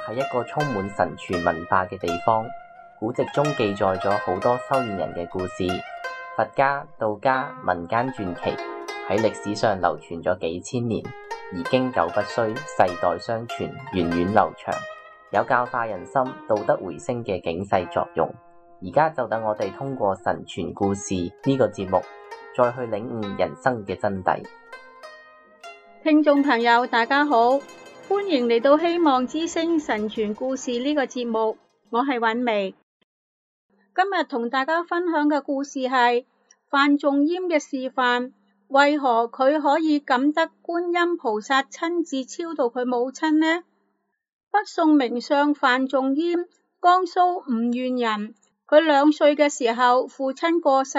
係一個充滿神傳文化嘅地方，古籍中記載咗好多修煉人嘅故事，佛家、道家、民間傳奇喺歷史上流傳咗幾千年，而經久不衰，世代相傳，源遠流長，有教化人心、道德回升嘅警世作用。而家就等我哋通過神傳故事呢個節目，再去領悟人生嘅真諦。聽眾朋友，大家好。歡迎嚟到《希望之聲神傳故事》呢個節目，我係韻薇。今日同大家分享嘅故事係范仲淹嘅示範，為何佢可以感得觀音菩薩親自超度佢母親呢？北宋名相范仲淹，江蘇吳縣人。佢兩歲嘅時候，父親過世，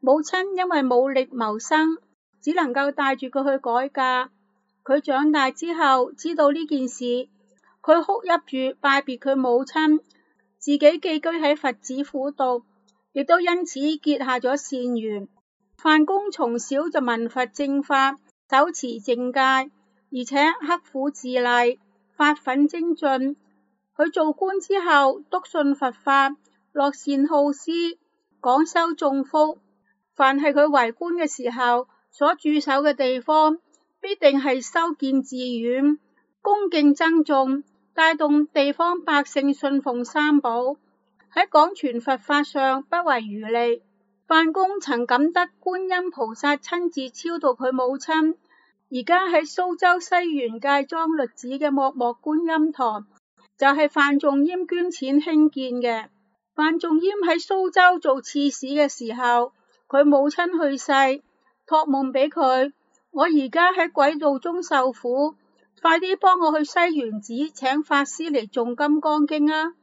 母親因為冇力謀生，只能夠帶住佢去改嫁。佢長大之後知道呢件事，佢哭泣住拜別佢母親，自己寄居喺佛寺府度，亦都因此結下咗善緣。范公從小就聞佛正法，手持正戒，而且刻苦自勵，發憤精進。佢做官之後，篤信佛法，樂善好施，廣修眾福。凡係佢為官嘅時候所駐守嘅地方，必定係修建寺院、恭敬僧眾，帶動地方百姓信奉三寶，喺廣傳佛法上不遺餘力。范公曾感得觀音菩薩親自超度佢母親。而家喺蘇州西園戒幢律寺嘅默默觀音堂，就係、是、范仲淹捐錢興建嘅。范仲淹喺蘇州做刺史嘅時候，佢母親去世，託夢俾佢。我而家喺鬼道中受苦，快啲幫我去西園寺請法師嚟誦金剛經啊！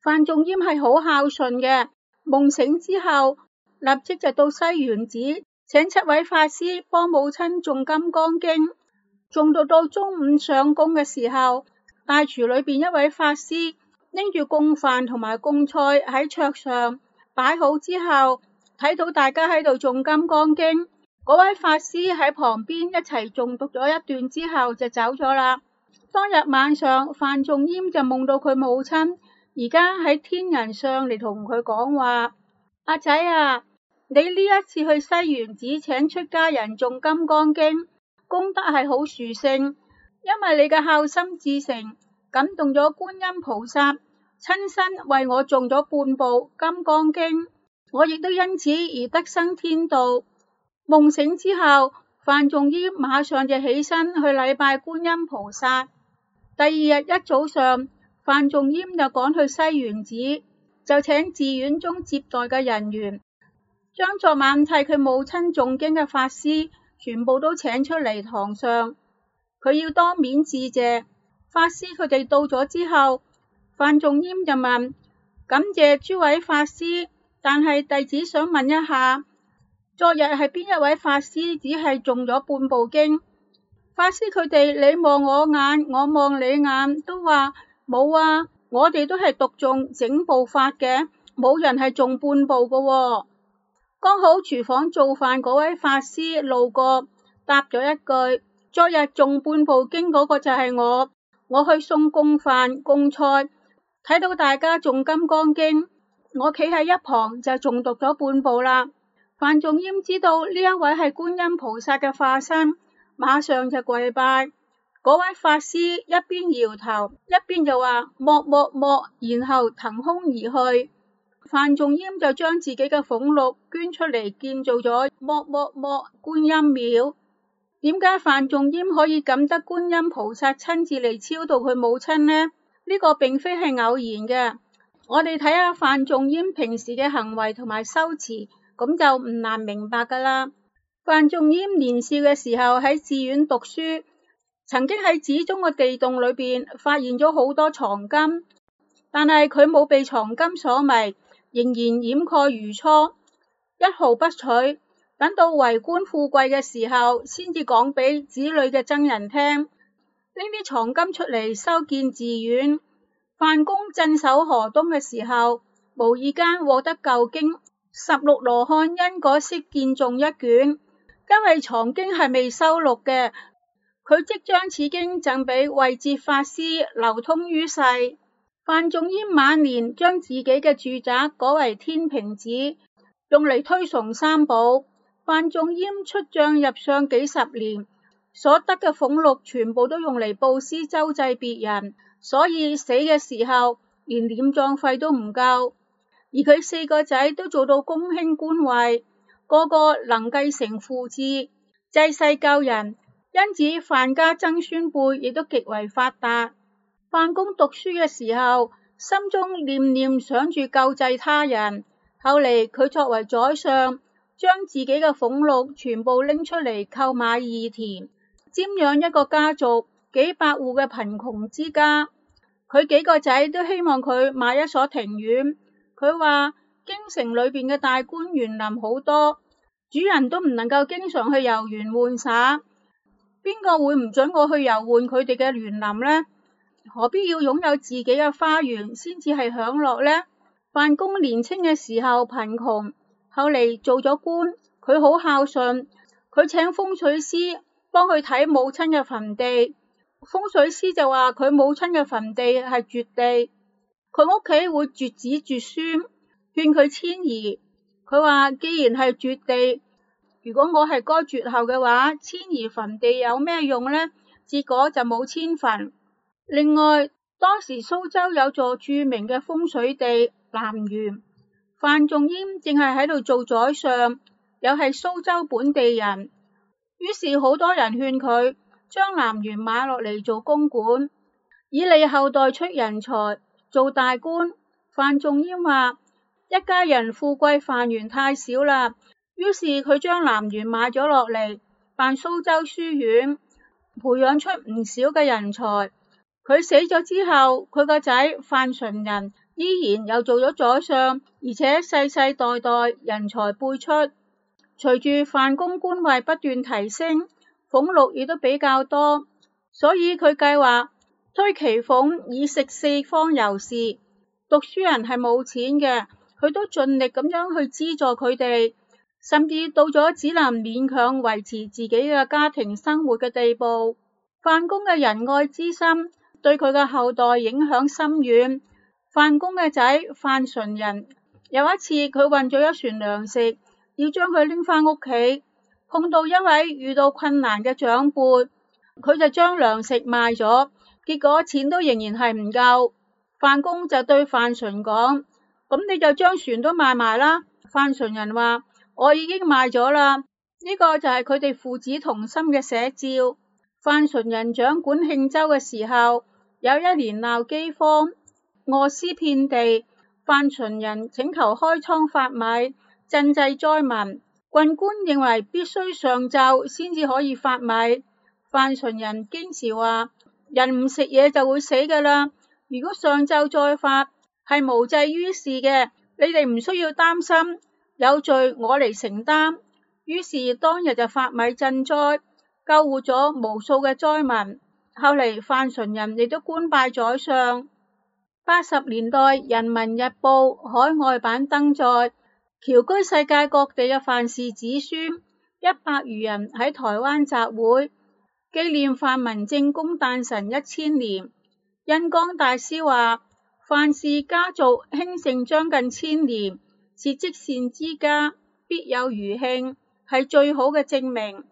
范仲淹係好孝順嘅，夢醒之後立即就到西園寺請七位法師幫母親誦金剛經。誦到到中午上工嘅時候，大廚裏邊一位法師拎住供飯同埋供菜喺桌上擺好之後，睇到大家喺度誦金剛經。嗰位法師喺旁邊一齊誦讀咗一段之後就走咗啦。當日晚上，范仲淹就夢到佢母親而家喺天人上嚟同佢講話：阿仔啊，你呢一次去西園寺請出家人誦金剛經，功德係好殊勝，因為你嘅孝心至誠，感動咗觀音菩薩，親身為我誦咗半部金剛經，我亦都因此而得生天道。夢醒之後，范仲淹馬上就起身去禮拜觀音菩薩。第二日一早上，范仲淹就趕去西園寺，就請寺院中接待嘅人員，將昨晚替佢母親誦經嘅法師全部都請出嚟堂上，佢要當面致謝法師。佢哋到咗之後，范仲淹就問：感謝諸位法師，但係弟子想問一下。昨日係邊一位法師只係誦咗半部經？法師佢哋你望我眼，我望你眼，都話冇啊！我哋都係讀誦整部法嘅，冇人係誦半部噶、哦。剛好廚房做飯嗰位法師路過，答咗一句：昨日誦半部經嗰個就係我。我去送供飯供菜，睇到大家誦金剛經，我企喺一旁就誦讀咗半部啦。范仲淹知道呢一位係觀音菩薩嘅化身，馬上就跪拜。嗰位法師一邊搖頭，一邊就話：莫莫莫，然後騰空而去。范仲淹就將自己嘅俸祿捐出嚟建造咗莫莫莫觀音廟。點解范仲淹可以感得觀音菩薩親自嚟超度佢母親呢？呢個並非係偶然嘅。我哋睇下范仲淹平時嘅行為同埋修持。咁就唔難明白噶啦。范仲淹年少嘅時候喺寺院讀書，曾經喺寺中個地洞裏邊發現咗好多藏金，但係佢冇被藏金所迷，仍然掩蓋如初，一毫不取。等到為官富貴嘅時候，先至講俾子女嘅僧人聽拎啲藏金出嚟修建寺院。范公鎮守河東嘅時候，無意間獲得舊經。十六羅漢因果識見頌一卷。因為藏經係未收錄嘅，佢即將此經贈俾慧哲法師流通於世。范仲淹晚年將自己嘅住宅改為天平寺，用嚟推崇三寶。范仲淹出將入相幾十年，所得嘅俸祿全部都用嚟布施周濟別人，所以死嘅時候連殮葬費都唔夠。而佢四個仔都做到公卿官位，個個能繼承父志，濟世救人，因此范家曾孫輩亦都極為發達。范公讀書嘅時候，心中念念想住救濟他人。後嚟佢作為宰相，將自己嘅俸祿全部拎出嚟購買義田，贍養一個家族幾百戶嘅貧窮之家。佢幾個仔都希望佢買一所庭院。佢話京城裏邊嘅大官園林好多，主人都唔能夠經常去遊園玩耍。邊個會唔准我去遊玩佢哋嘅園林呢？何必要擁有自己嘅花園先至係享樂呢？范公年青嘅時候貧窮，後嚟做咗官，佢好孝順，佢請風水師幫佢睇母親嘅墳地，風水師就話佢母親嘅墳地係絕地。佢屋企會絕子絕孫，勸佢遷移。佢話既然係絕地，如果我係該絕後嘅話，遷移墳地有咩用呢？結果就冇遷墳。另外，當時蘇州有座著名嘅風水地南園，范仲淹正係喺度做宰相，又係蘇州本地人，於是好多人勸佢將南園買落嚟，做公館，以利後代出人才。做大官，范仲淹話一家人富貴，范園太少啦，於是佢將南園買咗落嚟，辦蘇州書院，培養出唔少嘅人才。佢死咗之後，佢個仔范純仁依然又做咗宰相，而且世世代代人才輩出。隨住范公官位不斷提升，俸祿亦都比較多，所以佢計劃。推其俸以食四方游士。讀書人係冇錢嘅，佢都盡力咁樣去資助佢哋，甚至到咗只能勉強維持自己嘅家庭生活嘅地步。范公嘅仁愛之心對佢嘅後代影響深遠。范公嘅仔范純仁，有一次佢運咗一船糧食要將佢拎返屋企，碰到一位遇到困難嘅長輩，佢就將糧食賣咗。結果錢都仍然係唔夠，范公就對范純講：「咁你就將船都賣埋啦。」范純仁話：「我已經賣咗啦。」呢、這個就係佢哋父子同心嘅寫照。范純仁掌管慶州嘅時候，有一年鬧饑荒，餓屍遍地。范純仁請求開倉發米，賑濟災民。郡官認為必須上奏先至可以發米。范純仁堅持話：人唔食嘢就會死噶啦！如果上奏再發，係無濟於事嘅，你哋唔需要擔心，有罪我嚟承擔。於是當日就發米賑災，救活咗無數嘅災民。後嚟范純仁亦都官拜宰相。八十年代，《人民日報》海外版登載，僑居世界各地嘅范氏子孫一百餘人喺台灣集會。紀念范文正公誕辰一千年，印光大師話范氏家族興盛將近千年，是積善之家必有餘慶，係最好嘅證明。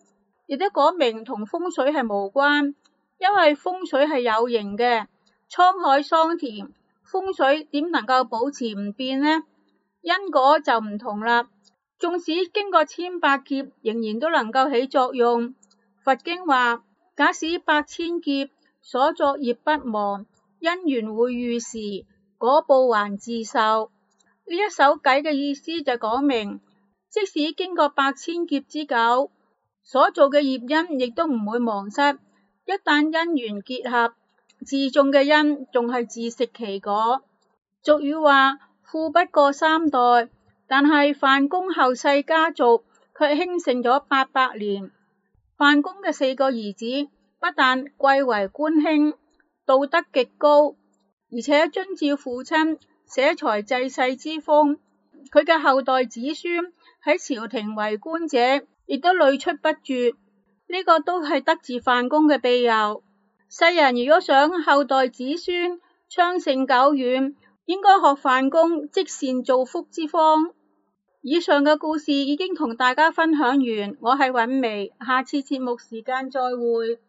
亦都講明同風水係無關，因為風水係有形嘅，滄海桑田，風水點能夠保持唔變呢？因果就唔同啦，縱使經過千百劫，仍然都能夠起作用。佛經話。假使百千劫，所作業不忘，因緣會遇時，果報還自受。呢一首偈嘅意思就講明，即使經過百千劫之久，所做嘅業因亦都唔會忘失。一旦因緣結合，自種嘅因仲係自食其果。俗語話富不過三代，但係范公後世家族卻興盛咗八百年。范公嘅四個兒子不但貴為官卿，道德極高，而且遵照父親捨財濟世之風，佢嘅後代子孫喺朝廷為官者，亦都屢出不絕。呢、這個都係得自范公嘅庇佑。世人如果想後代子孫昌盛久遠，應該學范公積善造福之方。以上嘅故事已經同大家分享完，我係韻薇，下次節目時間再會。